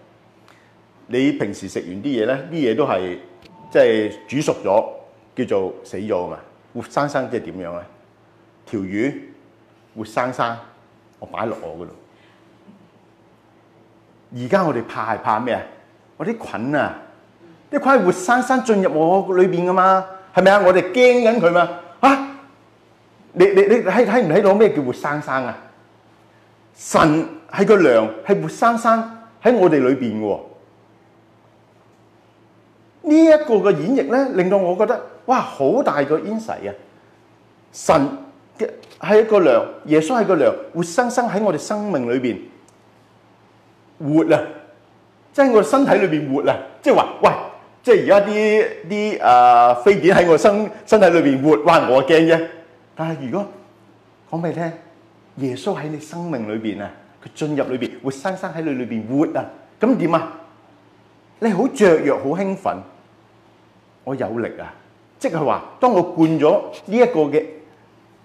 你平時食完啲嘢咧，啲嘢都係即係煮熟咗，叫做死咗啊嘛。活生生即係點樣咧？條魚活生生，我擺落我嗰度。而家我哋怕係怕咩啊？我啲菌啊！一塊係活生生進入我裏面㗎嘛，係咪啊？我哋驚緊佢嘛？嚇！你你你你睇睇唔睇到咩叫活生生啊？神係個糧，係活生生喺我哋裏面嘅。呢一個嘅演繹咧，令到我覺得哇，好大個 insight 啊！神嘅係一個糧，耶穌係個糧，活生生喺我哋生命裏面活啊！即係我身體裏面活啊！即係話喂。即係而家啲啲誒非典喺我身身體裏邊活，哇！我驚啫。但係如果講俾你聽，耶穌喺你生命裏邊啊，佢進入裏邊，活生生喺你裏邊活啊，咁點啊？你好雀躍，好興奮，我有力啊！即係話，當我灌咗呢一個嘅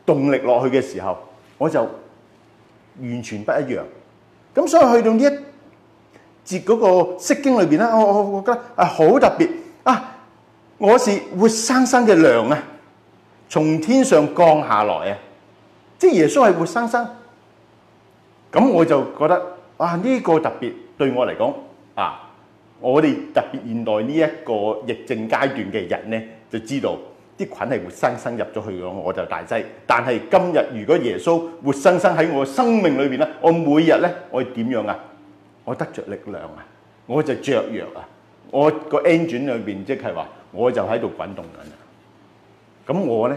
動力落去嘅時候，我就完全不一樣。咁所以去到呢一接嗰個《釋經》裏邊咧，我我覺得啊，好特別啊！我是活生生嘅糧啊，從天上降下來啊！即係耶穌係活生生，咁我就覺得啊，呢個特別對我嚟講啊！我哋特別現代呢一個疫症階段嘅人咧，就知道啲菌係活生生入咗去嘅，我就大劑。但係今日如果耶穌活生生喺我生命裏邊咧，我每日咧，我點樣啊？我得著力量啊！我就雀躍啊！我個 engine 裏邊即係話，我就喺度滾動緊啊！咁我咧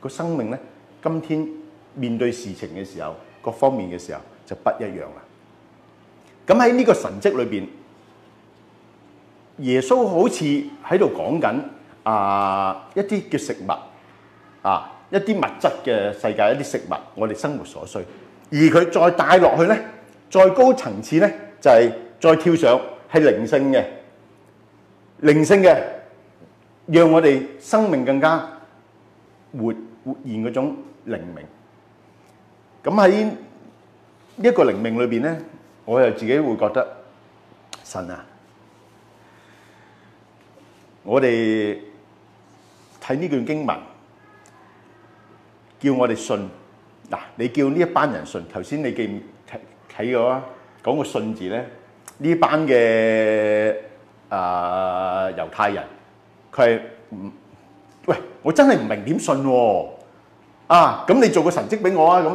個生命咧，今天面對事情嘅時候，各方面嘅時候就不一樣啦。咁喺呢個神跡裏邊，耶穌好似喺度講緊啊，一啲嘅食物啊，一啲物質嘅世界，一啲食物，我哋生活所需，而佢再帶落去咧。再高層次咧，就係再跳上係靈性嘅靈性嘅，讓我哋生命更加活活現嗰種靈命。咁喺一個靈命裏邊咧，我又自己會覺得神啊！我哋睇呢段經文，叫我哋信。嗱，你叫呢一班人信，頭先你記唔？睇咗講個信字咧，呢班嘅啊猶太人佢係唔，喂，我真係唔明點信喎啊！咁你做個神蹟俾我啊！咁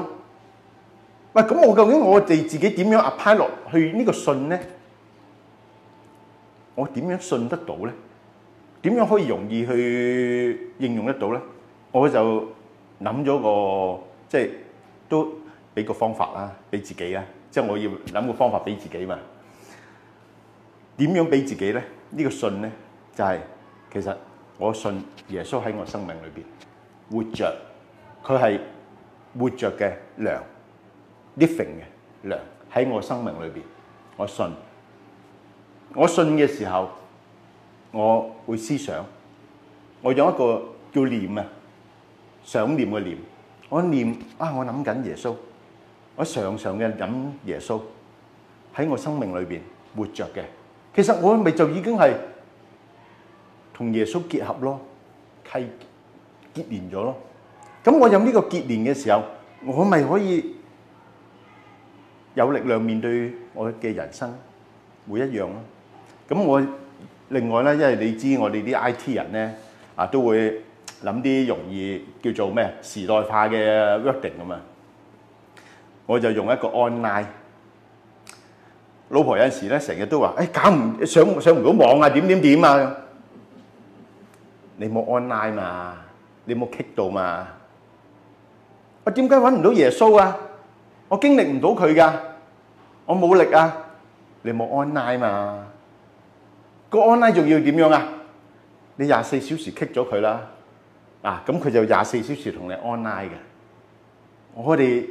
喂，咁我究竟我哋自己點樣 apply 落去呢個信咧？我點樣信得到咧？點樣可以容易去應用得到咧？我就諗咗個即係都俾個方法啦，俾自己啦。即係我要諗個方法俾自己嘛？點樣俾自己咧？呢個信咧，就係其實我信耶穌喺我生命裏邊活著，佢係活著嘅糧，living 嘅糧喺我生命裏邊。我信，我信嘅時候，我會思想，我用一個叫念啊，想念嘅念，我念啊，我諗緊耶穌。我常常嘅飲耶穌喺我生命裏邊活著嘅，其實我咪就已經係同耶穌結合咯，係結連咗咯。咁我有呢個結連嘅時候，我咪可以有力量面對我嘅人生每一樣咯。咁我另外咧，因為你知我哋啲 IT 人咧啊，都會諗啲容易叫做咩時代化嘅 working 咁啊。我就用一個 Online，老婆有陣時咧成日都話，誒搞唔上上唔到網啊，點點點啊！你冇 Online 嘛？你冇 kick 到嘛？我點解揾唔到耶穌啊？我經歷唔到佢㗎，我冇力啊！你冇 Online 嘛？個 Online 仲要點樣啊？你廿四小時 kick 咗佢啦，嗱咁佢就廿四小時同你 Online 嘅。我哋，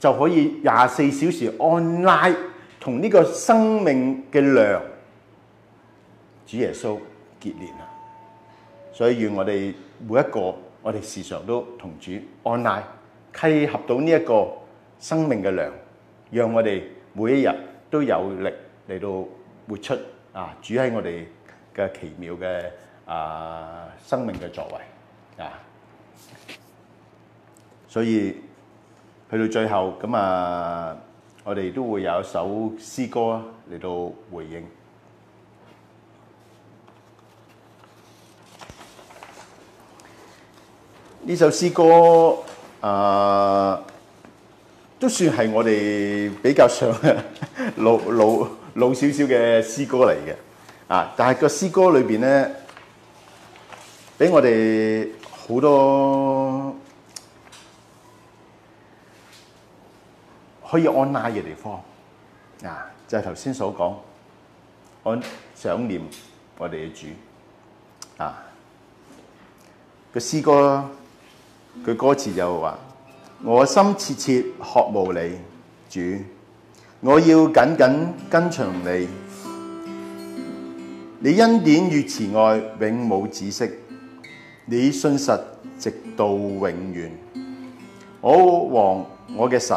就可以廿四小時 online 同呢個生命嘅糧，主耶穌結連啊！所以願我哋每一個，我哋時常都同主 online 契合到呢一個生命嘅糧，讓我哋每一日都有力嚟到活出啊！主喺我哋嘅奇妙嘅啊生命嘅作為啊！所以。去到最後，咁啊，我哋都會有一首詩歌嚟到回應。呢首詩歌啊，都算係我哋比較上老老老少少嘅詩歌嚟嘅。啊，但係個詩歌裏邊咧，俾我哋好多。.可以按捺嘅地方，嗱，就係頭先所講，我想念我哋嘅主，啊，個詩歌佢歌詞就話：我心切切渴慕你主，我要緊緊跟隨你，你恩典與慈愛永冇止息，你信實直到永遠，我王我嘅神。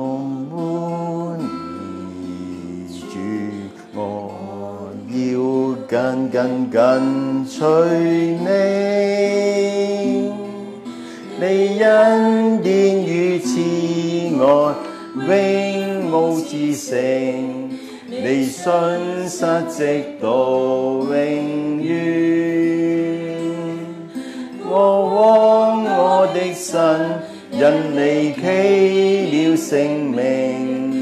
跟跟跟隨你，你恩典與慈愛永無止境，你信實直到永遠。我枉我的神因你棄了性命，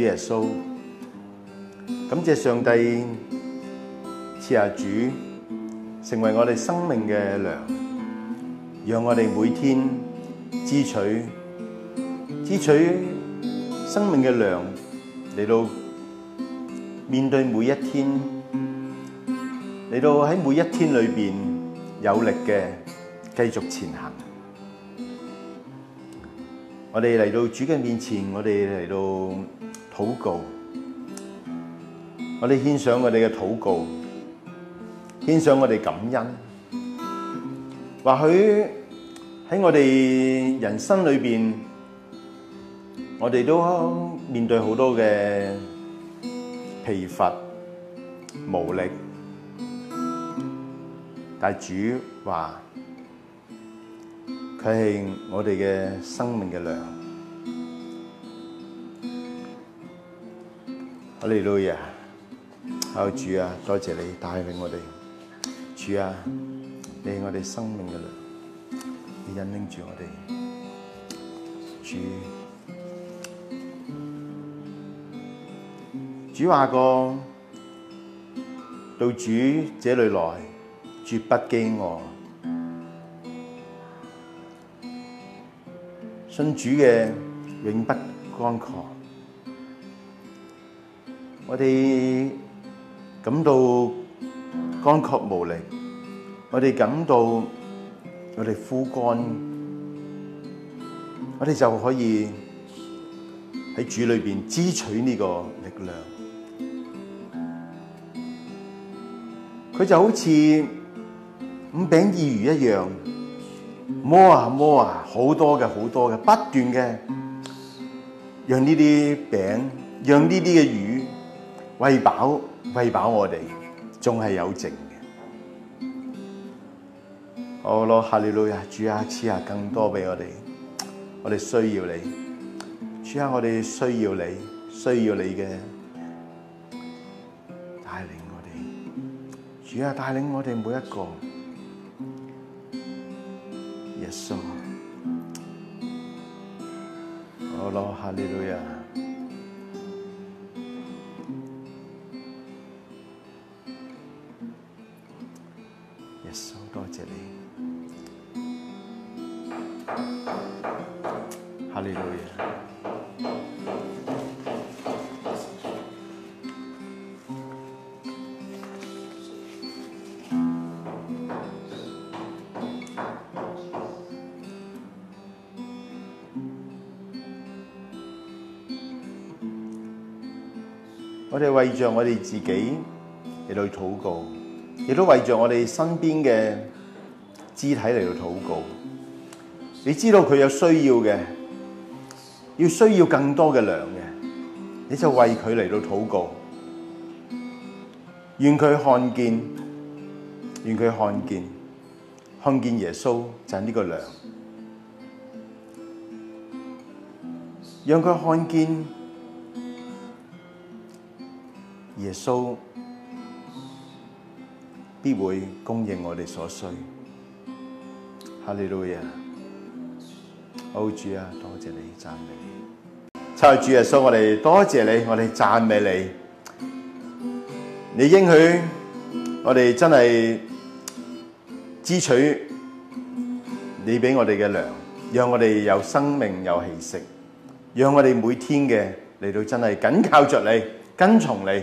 主耶穌，感謝上帝賜下主成為我哋生命嘅糧，讓我哋每天支取支取生命嘅糧嚟到面對每一天，嚟到喺每一天裏邊有力嘅繼續前行。我哋嚟到主嘅面前，我哋嚟到。禱告，我哋獻上我哋嘅禱告，獻上我哋感恩。或許喺我哋人生裏面，我哋都面對好多嘅疲乏、無力，但主話佢係我哋嘅生命嘅糧。我哋老爺啊，主啊，多謝你帶領我哋主啊，你係我哋生命嘅糧，你引領住我哋主。主話過：到主這裏來，絕不飢餓。信主嘅永不乾涸。我哋感到乾涸無力，我哋感到我哋枯乾，我哋就可以喺主裏邊支取呢個力量。佢就好似五餅二魚一樣，摸啊摸啊，好多嘅好多嘅，不斷嘅，讓呢啲餅，讓呢啲嘅魚。餵飽餵飽我哋，仲係有剩嘅。哦，羅哈利路亞，主啊，賜下更多俾我哋，我哋需要你。主啊，我哋需要你，需要你嘅帶領我哋。主啊，帶領我哋每一個。耶穌，哦羅哈利路亞。我哋為著我哋自己嚟到禱告，亦都為著我哋身邊嘅肢體嚟到禱告。你知道佢有需要嘅，要需要更多嘅糧嘅，你就為佢嚟到禱告。願佢看見，願佢看見，看見耶穌就係呢個糧，讓佢看見。耶穌必會供應我哋所需。哈利路亞，好主啊，多謝你，讚美你。親愛的主耶穌，我哋多謝你，我哋讚美你。你應許我哋真係支取你俾我哋嘅糧，讓我哋有生命有氣息，讓我哋每天嘅嚟到真係緊靠着你，跟從你。